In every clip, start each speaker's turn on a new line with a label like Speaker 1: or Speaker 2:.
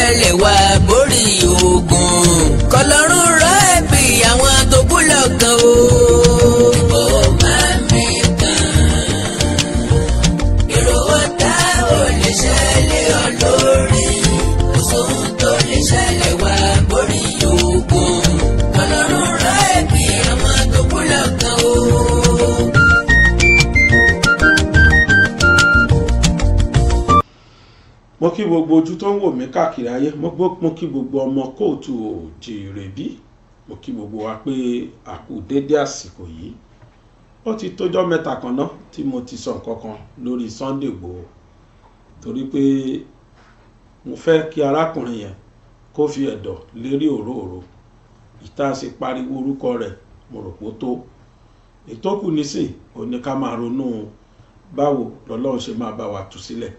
Speaker 1: ṣẹlẹ̀ wá borí o.
Speaker 2: kí gbogbo ojú tó ń wò mí káàkiri ayé mo kí gbogbo ọmọ kóòtù òjìrè bí mo kí gbogbo wa pé àkú dédé àsìkò yìí ó ti tójọ́ mẹ́ta kan ná tí mo ti sọ nǹkan kan lórí Sunday Igboho torí pé mo fẹ́ kí arákùnrin yẹn kó fi ẹ̀dọ̀ lérí òróòro ìta sì pariwo orúkọ rẹ̀ mo rò pó tó ìtókù nísìn òní ká máa ronú báwo lọ́lọ́run ṣe máa bá wa tú sílẹ̀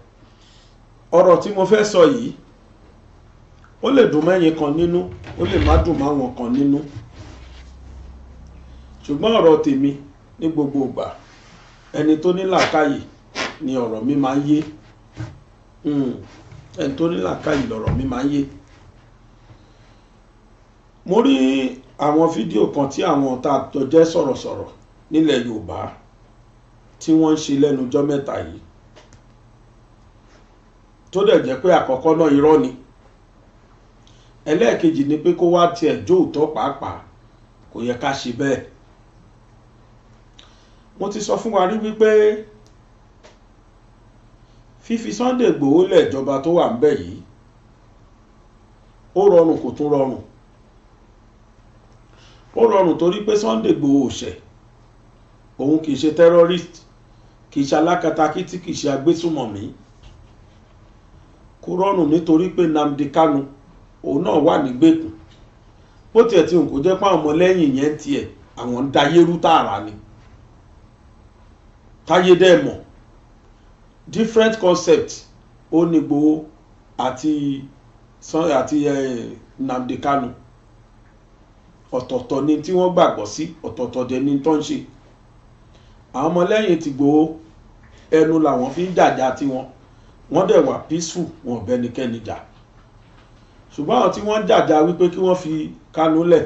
Speaker 2: ọ̀rọ̀ tí mo fẹ́ sọ yìí ó lè dùn mẹ́yìn kan nínú ó lè má dùn máwọn kan nínú ṣùgbọ́n ọ̀rọ̀ tèmi ní gbogbo ìgbà ẹni tó ní làákàyè ni ọ̀rọ̀ mi máa ń yé hmm, ẹni tó ní làákàyè lọ̀rọ̀ mi máa ń yé mo rí àwọn fídíò kan tí àwọn tá a jọ jẹ́ sọ̀rọ̀sọ̀rọ̀ nílẹ̀ Yorùbá tí wọ́n ń ṣe lẹ́nujọ́ mẹ́ta yìí tó dẹ̀ jẹ́ pé àkọ́kọ́ náà irọ́ ni ẹlẹ́ẹ̀kejì ni pé kó wá tiẹ̀ jóòtọ́ pàápàá kò yẹ ká ṣe bẹ́ẹ̀ mo ti sọ fún wa rí wípé fífi Sunday Igboho lé ìjọba tó wà ńbẹ̀ yìí ó rọrùn kò tún rọrùn ó rọrùn torí pé Sunday Igboho ò òun kì í ṣe terrorist kì í ṣe alákatakítí kì í ṣe agbésùmọ̀mí kò rọrùn nítorí pé Nnamdi Kanu òun náà wà nígbèkùn bó tiẹ̀ tí òun kò jẹ́ pé àwọn ọmọlẹ́yìn yẹn tiẹ̀ àwọn ń dayé rú tààrà ni táyé dẹ́ mọ̀ different concept ó ní Ìgbòho àti àti Nnamdi Kanu ọ̀tọ̀ọ̀tọ̀ ni tí wọ́n gbàgbọ́ sí ọ̀tọ̀ọ̀tọ̀ dẹ̀ ni tó ń ṣe àwọn ọmọlẹ́yìn ti Ìgbòho ẹnu làwọn fi ń jàjà tiwọn wọ́n dẹ̀ wà peaceful wọn ò bẹ́nikẹ́ni jà ṣùgbọ́n àwọn tí wọ́n ń jàjà wípé kí wọ́n fi Kánú lẹ̀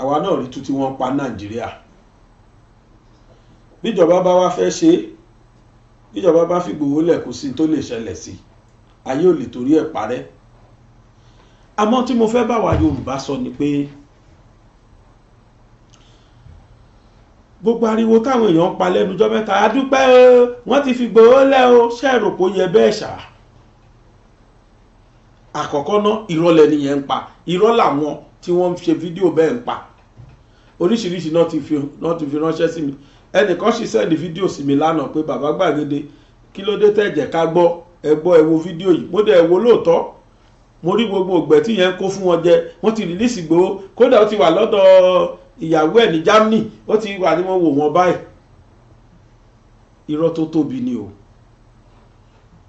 Speaker 2: àwa náà rí tú tí wọ́n pa Nàìjíríà bíjọba bá wá fẹ́ ṣe é bíjọba bá fi Ìgbòho lẹ̀ kò sí tó lè ṣẹlẹ̀ sí ayé ò lè torí ẹ̀ parẹ́ àmọ́ tí mo fẹ́ bá wa Yorùbá sọ ni pé. gbogbo ariwo táwọn èèyàn ń pa lẹ́nujọ́ mẹ́ta a dúpẹ́ o wọ́n ti fi gbòó lẹ́ o ṣẹ́ẹ̀rò kò yẹ bẹ́ẹ̀ ṣá àkọ́kọ́ ná irọ́ lẹ́nìyẹn ń pa irọ́ làwọn tí wọ́n ń ṣe fídíò bẹ́ẹ̀ ń pa oríṣiríṣi náà ti fi ránṣẹ́ sí mi ẹnìkan sì sẹ́ẹ̀dì fídíò sí mi lánàá pé bàbá gbàgede kí ló dé tẹ̀jẹ̀ ká gbọ́ ẹ gbọ́ ẹ wo fídíò yìí mo dẹ̀ ẹ wo lóòótọ́ mo rí gbogbo ògbẹ́ tí yẹn ń kó fún wọn jẹ wọ́n ti rìlíìsì gbòó kódà ó ti wà lọ́dọ̀ ìyàwó ẹ̀ ní Germany ó ti wà ní wọ́n wò wọ́n báyìí irọ́ tó tóbi ni o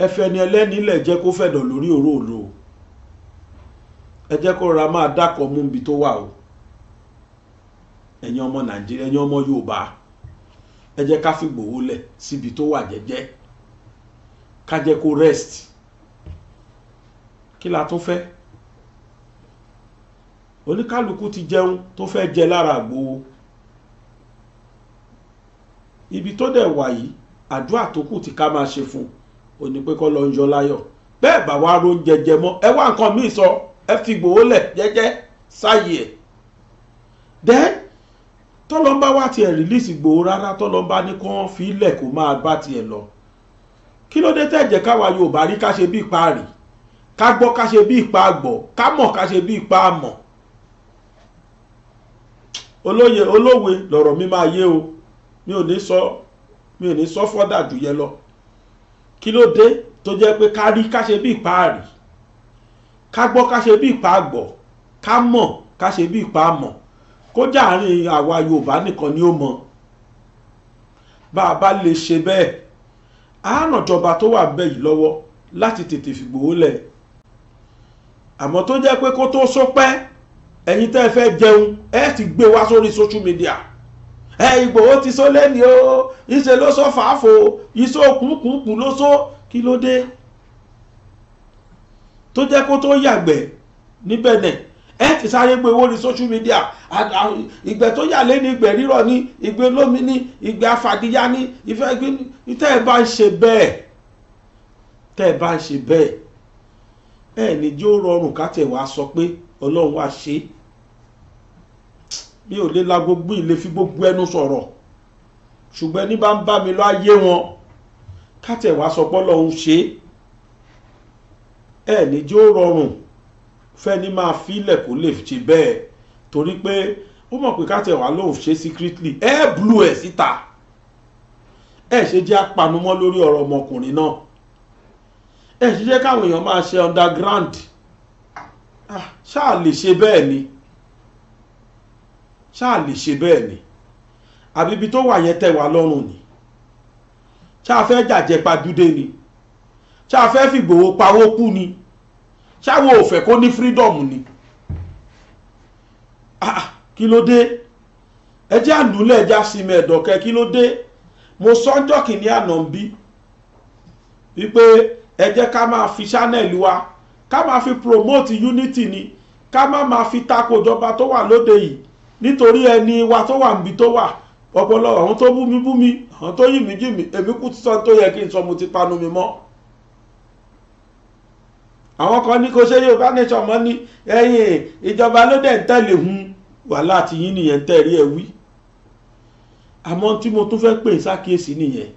Speaker 2: ẹfẹ́ ni ẹlẹ́ni ilẹ̀ jẹ́ kó fẹ̀dọ̀ lórí òróòro ẹ jẹ́ kó rọra máa dákọ̀ mú ibi tó wà o ẹ̀yin ọmọ Nàìjíríà ẹ̀yin ọmọ Yorùbá rest kí la oníkálukú ti jẹun tó fẹ́ jẹ lára Ìgbòho ibi tó dẹ̀ wà yìí àdúrà tó kù tí ká máa ṣe fún un ò ní pé kó lọ ń yọ láyọ̀ bẹ́ẹ̀ bá wá ró jẹjẹ mọ́ ẹ wá nǹkan míì sọ ẹ fi Ìgbòho lẹ̀ jẹ́jẹ́ sáyé ẹ̀ then tọ́lọ́mbà wá tiẹ̀ rìlíìsì Ìgbòho rárá tọ́lọ́mbà ní kán fi lẹ̀ kó máa bá tiẹ̀ lọ kí ló dé tẹ̀jẹ̀ káwa Yorùbá rí ká ṣe bí ipa rì ká gbọ́ ká ṣe bí ipa gbọ́ ká mọ̀ ká ṣe bí ipa mọ̀ olóye olówe lọ̀rọ̀ mi máa yé o mi ò ní sọ mi ò ní sọ fọ́dà jù yẹn lọ kí ló dé tó jẹ́ pé ká rí ká ṣe bí ìpa àrí ká gbọ́ ká ṣe bí ìpa àgbọ̀ ká mọ̀ ká ṣe bí ìpa àmọ̀ kójà àárín àwa Yorùbá nìkan ni ó mọ̀ bá a bá lè ṣe bẹ́ẹ̀ á tó wà bẹ́ẹ̀ yìí lọ́wọ́ láti tètè fìgbòho lẹ̀ àmọ́ tó jẹ́ pé kó tó sọpẹ́ so ẹ̀yin tẹ́ ẹ fẹ́ jẹun ẹ ti gbé wá sórí social media ẹ Ìgbòho ti sọ lẹ́ni o ìṣe ló sọ fàáfò ìṣó kùkùkù ló sọ kí ló dé tó jẹ́ kó tó yàgbẹ́ níbẹ̀ nẹ̀ ẹ ti sáré gbé owó ní social media ìgbẹ́ tó yà lé ní ìgbẹ́ rírọ̀ ní ìgbẹ́ lómi ní ìgbẹ́ afàdíyá ní ìfẹ́ gbé tẹ́ ẹ bá ń ṣe bẹ́ẹ̀ tẹ́ ẹ bá ń ṣe bẹ́ẹ̀ ẹ ní jó rọrùn ká tẹ̀ wá sọ pé ọlọ́run wá ṣe mi ò lè la gbogbo ilé fi gbogbo ẹnu sọ̀rọ̀ ṣùgbọ́n ní bá ń bá mi lọ ayé wọn kátẹ̀wá sọpọ́ lọ́hún ṣe ẹ ní jẹ́ ó rọrùn fẹ́ni máa filẹ̀ kó lè ṣe bẹ́ẹ̀ torí pé ó mọ̀ pé kátẹ̀wá lòun ṣe secretly ẹ blu ẹ̀ síta ẹ ṣe jẹ́ apanumọ́ lórí ọ̀rọ̀ ọmọkùnrin náà ẹ ṣe jẹ́ káwọn èèyàn máa ṣe underground. Ah, ṣáà lè ṣe bẹ́ẹ̀ ni ṣáà lè ṣe bẹ́ẹ̀ ni àbí ibi tó wà yẹn tẹ́ wa lọ́rùn ni ṣáà fẹ́ jàjẹ́ pajúdé ni ṣáà fẹ́ fìgbòho pawó kú ni ṣáà wo òfẹ́ kó ní fírídọ̀mù ni ah, ah, kí ló dé ẹ jẹ́ àdúlẹ̀ ẹ jẹ́ àṣìmẹ̀ ẹ̀dọ̀kẹ́ kí ló dé mo sọ́jọ́ kìíní àná ń bí wípé ẹ ká máa fi ṣánẹ́ẹ̀lì wa ká máa fi promote unity ni ká má máa fi tako ìjọba tó wà lóde yìí nítorí ẹni wa tó wà níbi tó wà ọpọlọ àwọn tó bú mi bú mi àwọn tó yì mí jì mí èmi kú sísọ tó yẹ kí n sọ mo ti panu mi mọ́ àwọn kan ní kó ṣe yorùbá nation mọ́ ní ẹ̀yìn ìjọba ló ń tẹ̀lé hun wàhálà àti yín nìyẹn ń tẹ̀rí ẹ̀ wí àmọ́ tí mo tún fẹ́ pè sákìyèsí nìyẹn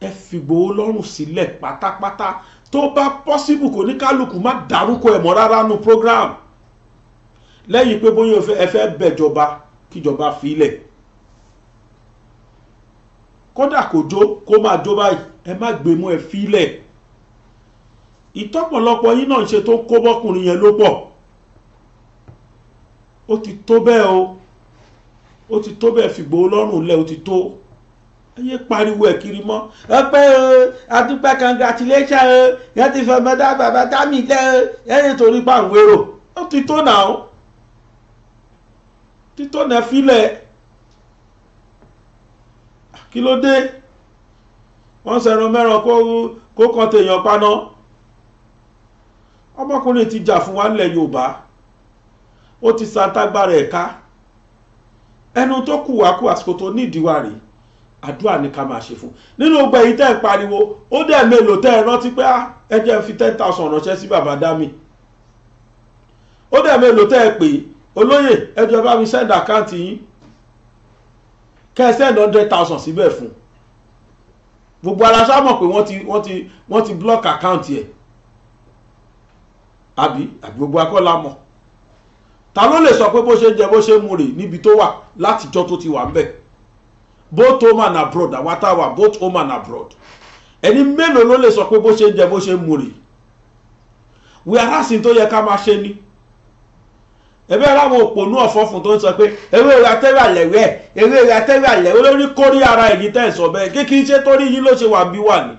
Speaker 2: ẹ fi lọ́rùn sílẹ̀ pátápátá tó bá pọ́síbù kò ní kálukú má dárúkọ ẹ̀mọ́ rárá nu program lẹ́yìn pé bóyá ẹ fẹ́ bẹ̀jọba kíjọba filẹ̀ kódà kò jó kó máa jó báyìí ẹ má gbé mú ẹ filẹ̀ ìtọ́pọ̀lọpọ̀ yín náà ń ṣe tó ń kó bọ́kùnrin yẹn ló pọ̀ ó ti tó bẹ́ẹ̀ ó ti tó bẹ́ẹ̀ fìgbò lọ́rùn lẹ̀ ó ti tó ayé pariwo ẹ̀ kiri mọ́ ẹ pé adúpẹ́ congratulation ẹ yẹn ti fẹ́ mẹ́ta bàbá dámì lẹ́ ẹ yẹn torí pa àwọn èrò ó ti tó nà ó ti tó nà filẹ̀ kí ló dé wọ́n sẹ̀rọ mẹ́rọ kó kàn téèyàn paná ọmọkùnrin ti jà fún wa nílẹ̀ Yorùbá ó ti santágbára ẹ̀ka ẹnu tó kù wá kú àsìkò tó nídìí wa rèé àdúrà ni ká máa ṣe fún nínú gbogbo èyí tẹ́ ẹ̀ pariwo ó dẹ̀ mélòó tẹ́ ẹ rántí pé ah, ẹ jẹ́ fi ten thousand ránṣẹ́ sí bàbá dami ó dẹ̀ mélòó tẹ́ ẹ pè olóyè ẹ jọ̀ọ́ bá mi send account yín kẹ́ ẹ send hundred thousand síbẹ̀ fún gbogbo aláṣà mọ̀ pé wọ́n ti wọ́n ti wọ́n ti block account yẹ àbí àbí gbogbo akọ́lá mọ̀ ta ló lè sọ pé bó ṣe ń jẹ bó ṣe ń rè níbi tó wà látijọ́ tó ti wà ń bẹ̀. both home and abroad àwátá awa both home and abroad ẹni mélòó ló lè sọ pé bó ṣe ń jẹ bó ṣe ń yẹ ká máa ni ebe òpònú ọ̀fọ́fun tó ń sọ pé ewé atẹ́wé ewé atẹ́wé ara ẹ̀yìn tẹ́ ẹ̀ sọ bẹ́ẹ̀ n ṣe yín ló ṣe wà bí wà ni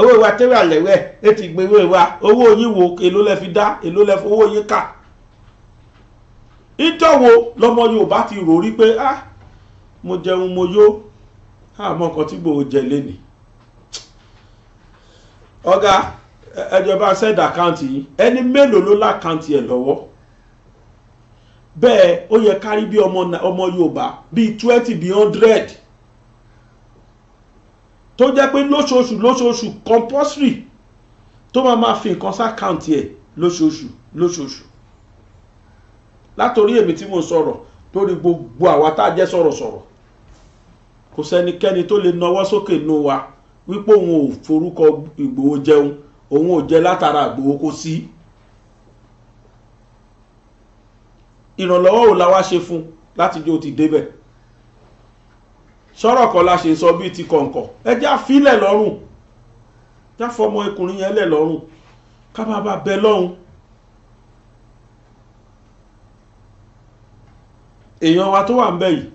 Speaker 2: owó ìwé atẹ́wé àlẹ́wé ẹ ti gbé ewé wa owó yín wo èló lẹ fi dá èló lẹ fi owó yín kà ìjọwo lọmọ yorùbá ti rò rí pé ah mo jẹun mo yó àmọ́ ah, nǹkan tí gbòó jẹ lẹ́nìí ọ̀gá ẹjọba send account yìí ẹni mélòó ló lákàntì ẹ̀ lọ́wọ́ bẹ́ẹ̀ ó yẹ kárí bí ọmọ yorùbá bíi twenty bíi hundred tó jẹ́ pé lóṣooṣù lóṣooṣù compulsory tó máa ma fi nǹkan sákàntì ẹ̀ lóṣooṣù lóṣooṣù látòrí èmi tí mo sọ̀rọ̀ torí gbogbo àwa tá a jẹ́ sọ̀rọ̀sọ̀rọ̀ kò sẹ́nikẹ́ni tó lè nawọ́ sókè nù wa wípé òun ò forúkọ Ìgbòho jẹun òun ò jẹ látara Ìgbòho kó sí. ìrànlọ́wọ́ ò la wá ṣe fún láti jó ti débẹ̀ sọ̀rọ̀ kan la ṣe sọ bíi ti kọ̀ǹkọ̀ ẹ já fílẹ̀ lọ́rùn já fọmọ ẹkùnrin yẹn lẹ̀ lọ́rùn ká má bàa bẹ lọ́hùn èèyàn wa tó wà ń bẹ̀ yìí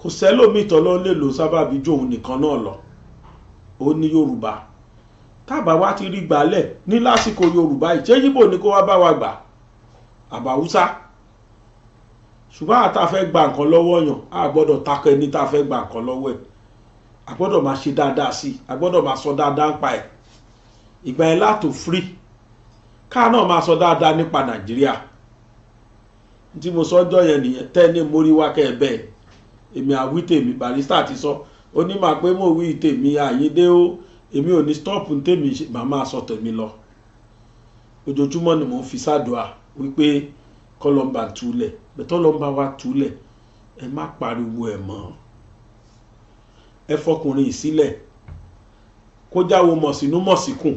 Speaker 2: kò sẹ́lòmíì tọ́lọ́ lè lò sábàbí ju òun nìkan náà lọ ó ní yorùbá tábà wá ti rí gbàálẹ̀ ní lásìkò yorùbá yìí yíbò ni kó wá bá wa gbà àbáwúsá ṣùgbọ́n àtà fẹ́ gba nǹkan lọ́wọ́ yàn á gbọ́dọ̀ takọ ẹni tá a fẹ́ gba nǹkan lọ́wọ́ ẹ̀ a gbọ́dọ̀ máa ṣe dáadáa sí i a gbọ́dọ̀ máa sọ dáadáa ń pa ẹ̀ ìgbà ẹ̀ látò free káà náà máa sọ dáadáa nípa nàìjíríà tí mo sọ́jọ́ yẹn nìyẹn tẹ́ ní mórí wá kẹ́ ẹ bẹ́ẹ̀ èmi àwí tèmi barista ti sọ ó ní màá pé mo wí tèmi àyíndé ó èmi ò ní stop tèmi màá máa sọ tèmi lọ ojoojúmọ́ ni mò ń fi sádùá wípé kọlọ́mbà túlẹ̀ bẹ́tọ́lọ́mbà wa túlẹ̀ ẹ má pariwo ẹ̀ mọ́ ẹ fọkùnrin ìsílẹ̀ kó jáwo mọ̀sínú mọ̀síkùn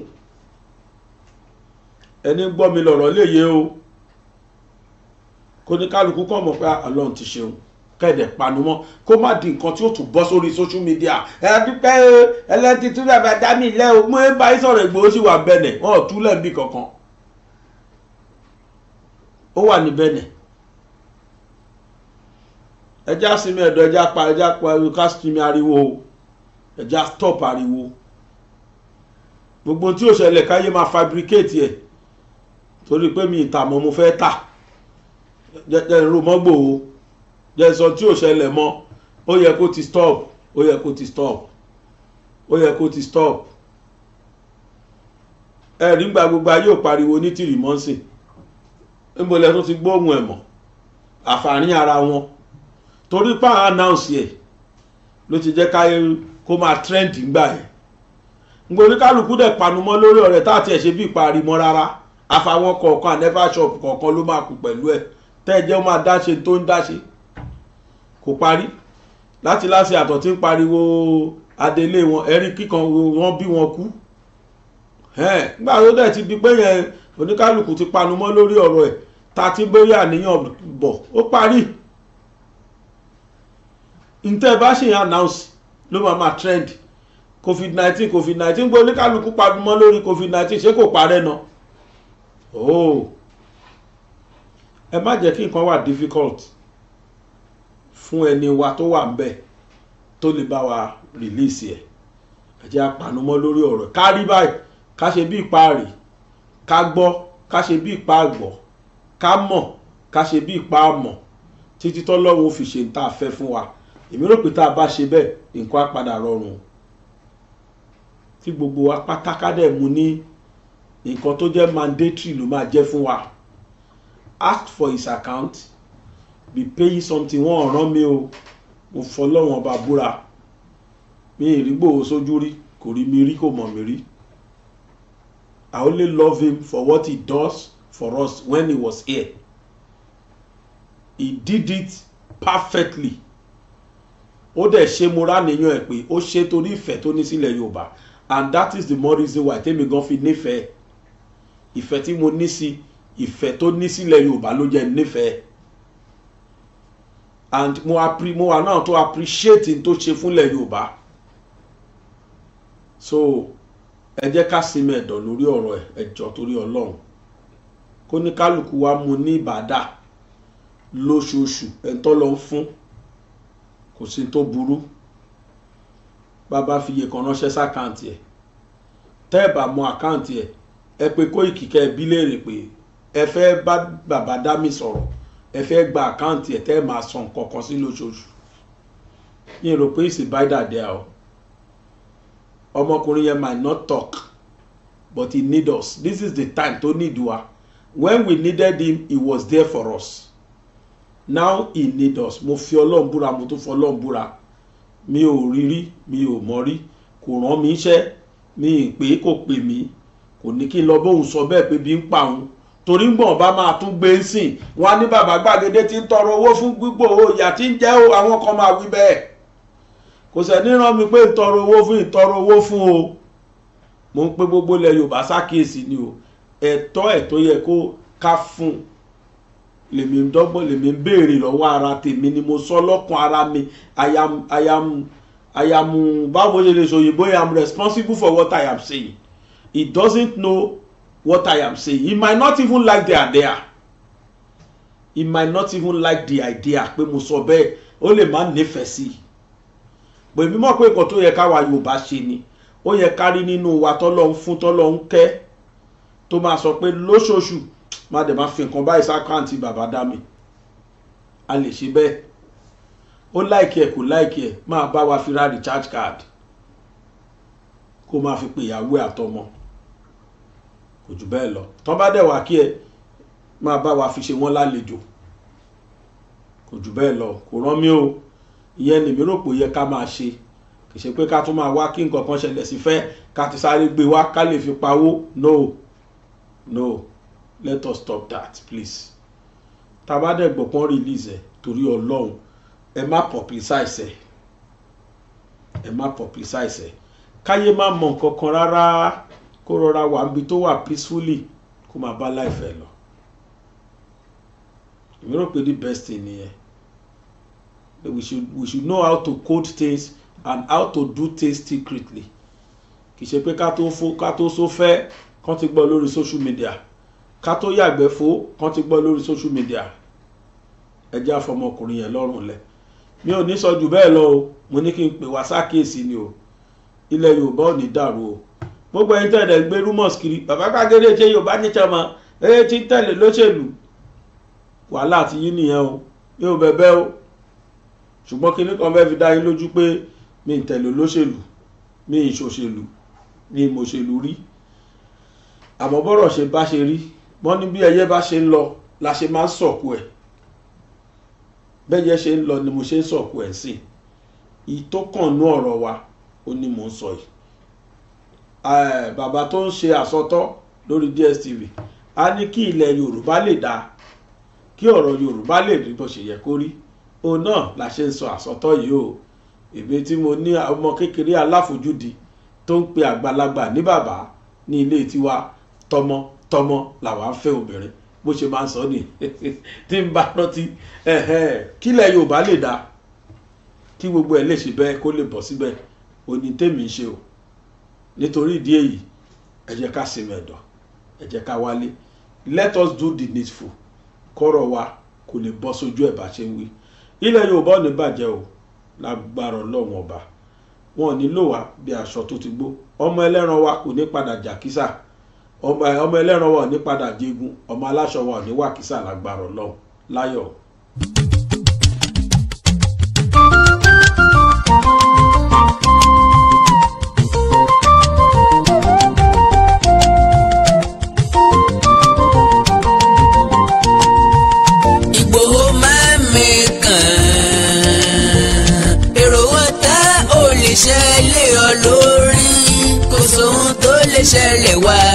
Speaker 2: ẹni gbọ́ mi lọ̀rọ̀ léye o kó ní kálukú kàn mọ̀ pé ah, ọlọ́run ti ṣeun kẹ̀dẹ̀ panumọ́ kó má di nǹkan tí ó tún bọ́ sórí social media ẹ dúpẹ́ o ẹlẹ́tì tún bàbá dá mi lẹ́ o mo ń bá yín sọ̀rọ̀ Ìgbòho sì wà bẹ̀nẹ̀ wọn ò túlẹ̀ níbì kankan ó wà ní bẹ̀nẹ̀ ẹja sinmi ẹ̀dọ̀ ẹja pa ẹja pa ẹja sinmi ariwo ẹja stop ariwo gbogbo tí ó ṣẹlẹ̀ káyé máa fabricate ẹ̀ torí pé mi ìtààmú mo fẹ́ tà jẹ́ irú mọ́gbò o jẹ́ sọ tí ò ṣẹlẹ̀ mọ́ ó yẹ kó ti stop ó yẹ kó ti stop ó yẹ kó ti stop ẹ̀rí gba gbogbo ayé ò pariwo ní tìrì mọ́sìn níbo lẹ tún ti gbóhùn ẹ̀ mọ̀ àfààní ara wọn torí pa announce ẹ̀ ló ti jẹ́ káyé kó máa trend gbà yẹn gbogbo oníkálukú dẹ̀ panumọ́ lórí ọ̀rẹ́ tá àti ẹ̀ ṣe bí ìparí mọ́ rárá àfàwọn kọ̀ọ̀kan never shop kọ̀ọ̀kan ló máa kú pẹ̀lú ẹ̀ tẹ́ẹ̀jẹ́ ó máa dáṣe tó ń dáṣe kò parí láti láṣẹ àtọ̀ tí ń pariwo adelé wọn ẹ̀rí kíkan wọn bí wọn kú nígbà tó dẹ̀ ti di pé yẹn oníkálukú ti panumọ́ lórí ọ̀rọ̀ ẹ̀ ta ti bóyá àníyàn bọ̀ ó parí ntẹ́ bá ṣe yẹn announce ló máa máa trend covid-19 covid-19 gbé oníkálukú panumọ́ lórí covid-19 ṣé kò parẹ́ náà. Oh ẹ má jẹ́ kí nǹkan wà difficult fún ẹni wa tó wà ń bẹ̀ tó lè bá wa release ẹ̀ ẹ jẹ́ àpànumọ́ lórí ọ̀rọ̀ ká rí báyìí ká ṣe bí ìparí ká gbọ́ ká ṣe bí ìpa àgbọ̀ ká mọ̀ ká ṣe bí ìpa àmọ̀ títí tọ́lọ́run fi ṣe ń tá a fẹ́ fún wa èmi rò pé tá a bá ṣe bẹ́ẹ̀ nǹkan á padà rọrùn tí gbogbo apátákádẹ́ mu ní nǹkan tó jẹ́ mandatory ló máa jẹ́ fún wa ask for his account be paying something wọn ò rán mi o mo fọlọ́wọ́n ọba búra mi ìrìgbò sójú rí kò rí mi rí kò mọ̀ mi rí I only love him for what he does for us when he was here he did it perfectly ó dẹ̀ ṣe mo rá nìyàn ẹ̀ pé ó ṣe torí ìfẹ́ tó ní sílẹ̀ Yorùbá and that is the more reason why tèmi gan fi nífẹ̀ẹ́ ìfẹ́ tí mo ní sí i ìfẹ́ tó ní sílẹ̀ yorùbá ló jẹ́ nífẹ̀ẹ́ and mo appre mo wà náà tó appreciate tó ṣe fúnlẹ̀ yorùbá so ẹ jẹ́ ká sinmi ẹ̀dọ̀ lórí ọ̀rọ̀ ẹ̀ ẹ̀jọ̀ torí ọlọ́run kó ní kálukú wa mu ní ìbàdà lóṣooṣù ẹ̀ńtọ́ lọ ń fún kò sí tó burú bàbá fi iye kan ránṣẹ́ sákàǹtì ẹ̀ tẹ́ ẹ̀ bá mọ àkáǹtì ẹ̀ ẹ pé Kóìkì kẹ́ ẹ bí léèrè pé ẹ fẹ́ bá bàbá dá mi sọ̀rọ̀ ẹ fẹ́ gba àkáǹtì ẹ̀ tẹ́ máa san kankan sí lóṣooṣù yín rò pé ìsìn bá dàdé ọ ọmọkùnrin yẹn might not talk but he need us this is the time to need wa when we needed him he was there for us now he need us mo fi ọlọ́run búra mo tún fọ ọlọ́run búra mi ò rí rí mi ò mọ̀ rí kò rán mi iṣẹ́ mi ì pé kò pè mí kò ní kí n lọ bóun sọ bẹ́ẹ̀ pé bí ń pa òun torí ń gbọ̀n bá máa tún gbé ń sìn wọn ní bàbá gbàgede ti ń tọrọ owó fún gbígbó ìyà tí ń jẹ́ àwọn kan máa wí bẹ́ẹ̀ kò sẹ́ni rán mi pé ìtọrọ owó fún ìtọrọ owó fún o mo ń pé gbogbo ilẹ̀ Yorùbá ṣàkíyèsí ni o ẹ̀tọ́ ẹ̀ tó yẹ kó ká fún lèmi ń dọ́gbọ́n lèmi ń béèrè lọ́wọ́ ara tèmi ni mo sọ lọ́kàn ara mi I am báwo ṣe lè sọ òyìnbó I am responsible for what I am saying it doesn't know what I am saying he might not even like the idea he might not even like the idea pé mo sọ bẹ́ẹ̀ ó lè má nífẹ̀ẹ́ sí i pé mímọ̀ pé nǹkan tó yẹ káwa Yorùbá ṣe ni ó yẹ ká rí nínú wa tọ́lọ́ ń fún tọ́lọ́ ń kẹ́ tó máa sọ pé lóṣooṣù má dẹ̀ máa fi nǹkan báyìí sákàǹtì bàbá dá mi a lè ṣe bẹ́ẹ̀ ó láìkí ẹ̀ kò láìkí ẹ̀ máa bá wa fi ra recharge card kó máa fi pè ìyàwó àtọmọ kò jù bẹ́ẹ̀ lọ tó bá dẹ̀ wá kí ẹ máa bá wa fi ṣe wọ́n lálejò kò jù bẹ́ẹ̀ lọ kò rán mi o ìyẹn lèmi rò pé yẹ ká máa ṣe kì í ṣe pé ká tún máa wá kí nǹkan kan ṣẹlẹ̀ sí fẹ́ ká ti sáré gbé wá ká lè fi pawó no no let us stop that please tá a bá dẹ̀ gbọ́ pọ́n release ẹ̀ torí ọlọ́run ẹ má publicize ẹ̀ ẹ má publicize ẹ̀ káyé má mọ nǹkan kan rárá kó rọra wà níbi tó wà peacefully kó máa bá life ẹ lọ èmi rò pé the best thing nìyẹn we should we should know how to code things and how to do things secretly kì í ṣe pé ká tó so fẹ́ kán ti gbọ́ lórí social media ká tó yàgbẹ́ fo kán ti gbọ́ lórí social media ẹ jẹ́ àfọmọkùnrin yẹn lọ́rùn lẹ̀ mi ò ní sọ jù bẹ́ẹ̀ lọ o mo ní kí n pè wá sákèésí ni o ilẹ̀ yorùbá ò ní dàrú o gbogbo ẹni tẹ̀lé ń gbé rumors kiri bàbá kágéré ṣe yorùbá nìkan mọ eré tí ń tẹ̀lé lóṣèlú wàhálà ti yín nìyẹn o mi ò bẹ̀bẹ̀ o ṣùgbọ́n kinní kan fẹ́ fi dá yín lójú pé mi ì tẹ̀lé lóṣèlú mi ì ṣòṣèlú mi ì mòṣèlú rí àmọ́ bọ́rọ̀ ṣe bá ṣe rí wọ́n ní bí ẹyẹ bá ṣe ń lọ la ṣe máa ń sọ̀kù ẹ̀ bẹ́yẹ ṣe ń lọ ni mo ṣe ń sọ̀kù ẹ̀ sí i tó kàn ní ọ̀rọ̀ wa ó ní mò ń sọ yìí Eh, bàbá tó ń ṣe àsọtọ́ lórí DSTV a ní kí ilẹ̀ Yorùbá lè dáa kí ọ̀rọ̀ Yorùbá lè rí bó ṣe yẹ kó rí òun náà la ṣe ń sọ àsọtọ́ yìí o èmi tí mo ní ọmọ kékeré aláfojúdi tó ń pe àgbàlagbà ní bàbá ní ilé tiwa tọmọ tọmọ làwa ń fẹ́ obìnrin bó ṣe máa ń sọ ni tí ń bá rántí kílẹ̀ Yorùbá lè dáa kí gbogbo ẹ̀ lè ṣe bẹ́ẹ̀ kó lè bọ̀ síbẹ̀ òní tèmi ń ṣe o nítorí ìdí èyí ẹ jẹ́ ká sinmi ẹ̀dọ̀ ẹ jẹ́ ká wálé let us do the needful kọ́rọ̀ wa kò lè bọ́ sójú ẹ̀ bá ṣe ń wí ilẹ̀ yorùbá ò ní bàjẹ́ o lágbára ọlọ́run ọba wọn ò ní lò wá bí aṣọ tó ti gbó ọmọ ẹlẹ́ran wa kò ní padà jà ọmọ ẹlẹ́ran wa ò ní padà jẹgun ọmọ aláṣọ wa ò ní wà kísà lágbára ọlọ́run láyọ̀
Speaker 1: ṣẹlẹ̀ wá.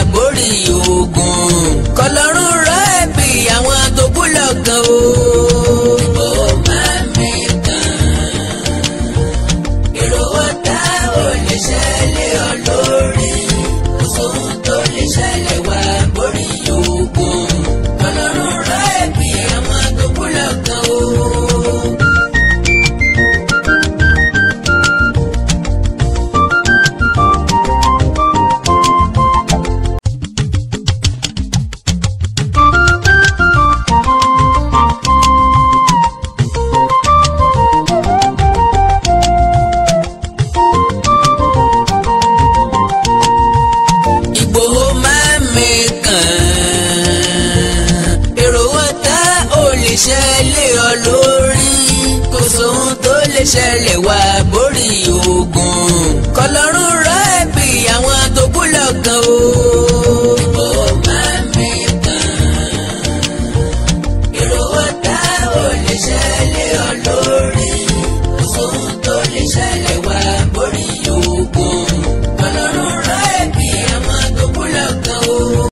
Speaker 1: àgbórí ogun kọlọ́run.